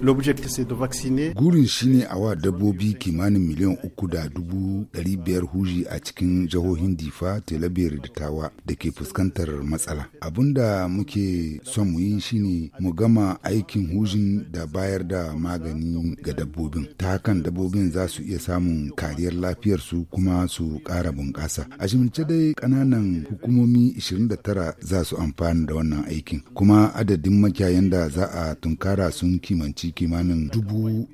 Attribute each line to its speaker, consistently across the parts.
Speaker 1: de Gurin shine a wa dabbobi kimanin miliyan uku da dubu ɗari huji a cikin jihohin Difa, Telabiyar da Tawa da ke fuskantar matsala. da muke son mu yi shine mu gama aikin hujin da bayar da magani ga dabbobin. Ta hakan dabbobin za su iya samun kariyar lafiyar su kuma su ƙara bunƙasa. A shimce dai ƙananan hukumomi 29 za su amfana da wannan aikin. Kuma adadin makiyayan da za a tunkara sun kimanci kimanin dubu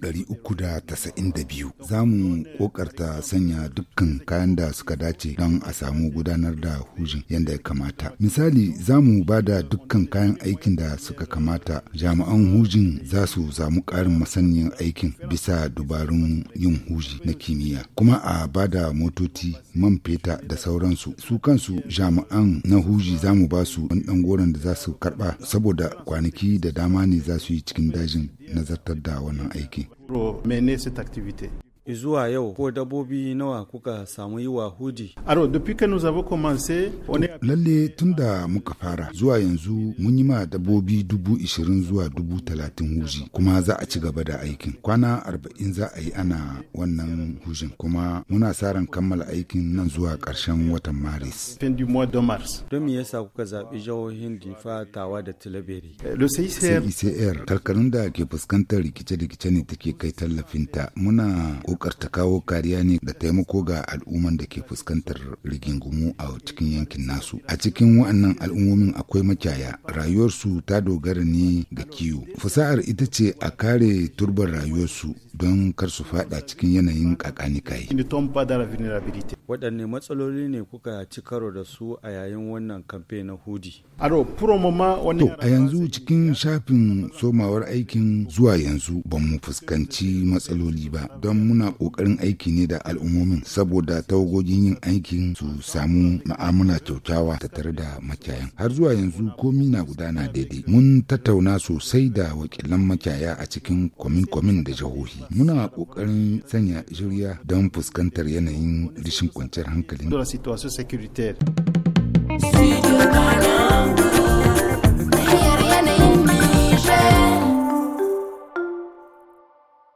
Speaker 1: da tasa'in da biyu. Za mu ƙoƙarta sanya dukkan kayan da suka dace don a samu gudanar da hujin yadda ya kamata. Misali za mu ba da dukkan kayan aikin da suka kamata jami'an hujin za su samu karin masaniyan aikin bisa dubarun yin huji na kimiyya. Kuma a ba da motoci man feta da sauransu su kansu jami'an na huji za mu ba su ɗan goron da za su karɓa saboda kwanaki da dama ne za su yi cikin dajin na zartar da wannan aiki.
Speaker 2: zuwa yau ko dabobi nawa kuka samu yi wa hudi?
Speaker 1: Lalle tun da muka fara zuwa yanzu mun yi ma dabobi dubu ishirin zuwa dubu talatin huji kuma za a ci gaba da aikin. Kwana arba'in za a yi ana wannan hujin kuma muna sa ran kammala aikin nan zuwa karshen watan Maris.
Speaker 2: Don me yasa kuka zaɓi jihohin Difa, Tawa da Tilaberi? Eh, CICR
Speaker 1: tarkarun da ke fuskantar rikice-rikice ne take kai tallafinta. Muna Dokar ta kawo kariya ne da taimako ga al'umman da ke fuskantar rigingumu a cikin yankin nasu. A cikin wa'annan al'ummomin akwai makiyaya, rayuwarsu ta dogara ne ga kiwo. fasahar ita ce a kare turbar rayuwarsu don kar su fada cikin yanayin kakanikai.
Speaker 2: Waɗanne matsaloli ne kuka ci karo da su a yayin wannan kamfe na hudi?
Speaker 1: To, a yanzu cikin shafin somawar aikin zuwa yanzu ba mu fuskanci matsaloli ba don muna ƙoƙarin aiki ne da al'ummomin saboda tawagogin yin aikin su samu ma'amuna kyautawa ta tare da makiyayan. Har zuwa yanzu komi na gudana daidai. Mun tattauna sosai da wakilan makiyaya a cikin komin komin da jihohi. muna ƙoƙarin sanya juriya don fuskantar yanayin rishin kwanciyar hankalin.